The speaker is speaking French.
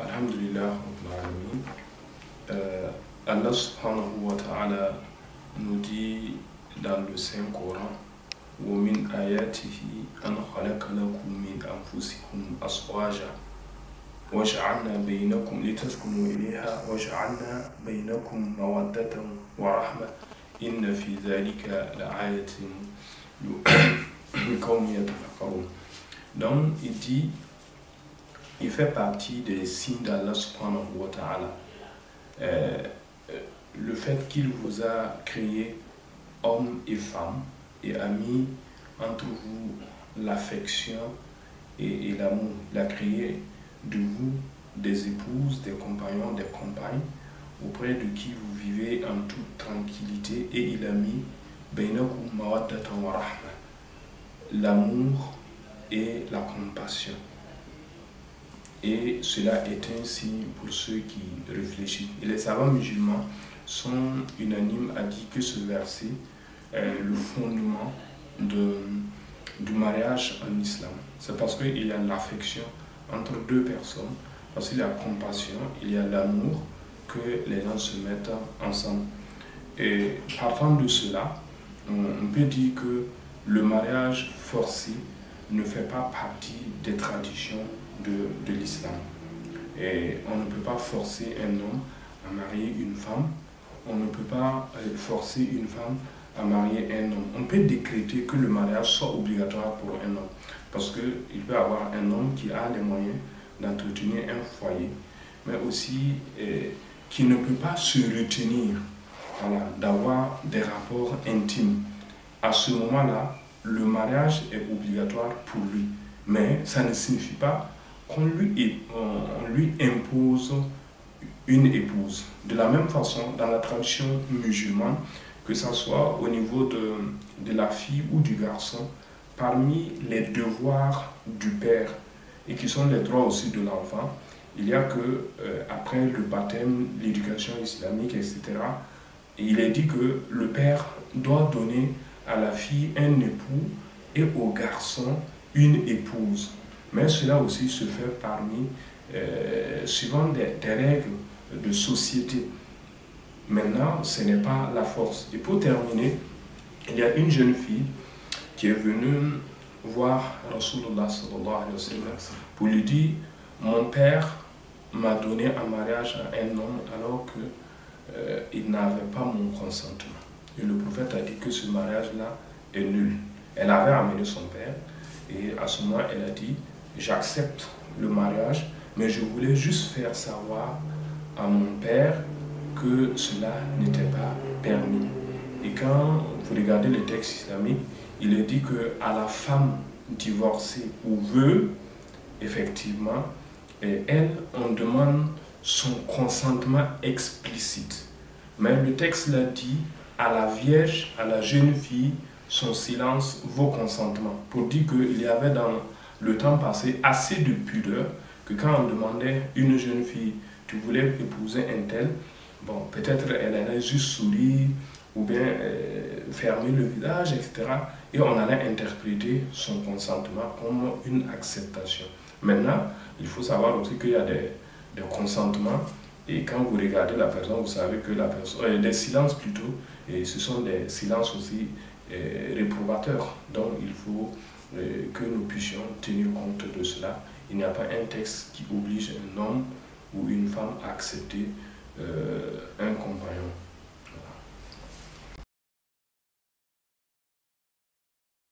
الحمد لله رب العالمين Allah subhanahu wa ta'ala nous dit dans le Saint-Coran ومن آياته أن خلق لكم من أنفسكم أزواجا وجعلنا بينكم لتسكنوا إليها وجعلنا بينكم مودة ورحمة إن في ذلك لآية لقوم يتفكرون Donc il dit il fait partie des signes d'Allah subhanahu wa ta'ala. Euh, euh, le fait qu'il vous a créé homme et femme et a mis entre vous l'affection et, et l'amour. Il a créé de vous des épouses, des compagnons, des compagnes auprès de qui vous vivez en toute tranquillité et il a mis l'amour et la compassion. Et cela est un signe pour ceux qui réfléchissent. les savants musulmans sont unanimes à dire que ce verset est le fondement de, du mariage en islam. C'est parce qu'il y a l'affection entre deux personnes, parce qu'il y a la compassion, il y a l'amour que les gens se mettent ensemble. Et partant de cela, on peut dire que le mariage forcé ne fait pas partie des traditions de, de l'islam. Et on ne peut pas forcer un homme à marier une femme. On ne peut pas euh, forcer une femme à marier un homme. On peut décréter que le mariage soit obligatoire pour un homme. Parce qu'il peut y avoir un homme qui a les moyens d'entretenir un foyer, mais aussi euh, qui ne peut pas se retenir d'avoir des rapports intimes. À ce moment-là, le mariage est obligatoire pour lui. Mais ça ne signifie pas qu'on lui, lui impose une épouse. De la même façon, dans la tradition musulmane, que ce soit au niveau de, de la fille ou du garçon, parmi les devoirs du père et qui sont les droits aussi de l'enfant, il y a que, euh, après le baptême, l'éducation islamique, etc., il est dit que le père doit donner à la fille un époux et au garçon une épouse. Mais cela aussi se fait parmi, euh, suivant des, règles de société. Maintenant, ce n'est pas la force. Et pour terminer, il y a une jeune fille qui est venue voir Rasulullah pour lui dire Mon père m'a donné en mariage à un homme alors qu'il euh, n'avait pas mon consentement. Et le prophète a dit que ce mariage-là est nul. Elle avait amené son père et à ce moment, elle a dit, j'accepte le mariage, mais je voulais juste faire savoir à mon père que cela n'était pas permis. Et quand vous regardez le texte islamique, il est dit que à la femme divorcée ou veut, effectivement, et elle, on demande son consentement explicite. Mais le texte l'a dit, à la Vierge, à la jeune fille, son silence, vos consentements, pour dire qu'il y avait dans le temps passé assez de pudeur que quand on demandait une jeune fille, tu voulais épouser un tel, bon, peut-être elle allait juste sourire ou bien euh, fermer le visage, etc. Et on allait interpréter son consentement comme une acceptation. Maintenant, il faut savoir aussi qu'il y a des, des consentements et quand vous regardez la personne, vous savez que la personne, euh, des silences plutôt, et ce sont des silences aussi euh, réprobateurs. Donc il faut euh, que nous puissions tenir compte de cela. Il n'y a pas un texte qui oblige un homme ou une femme à accepter euh, un compagnon.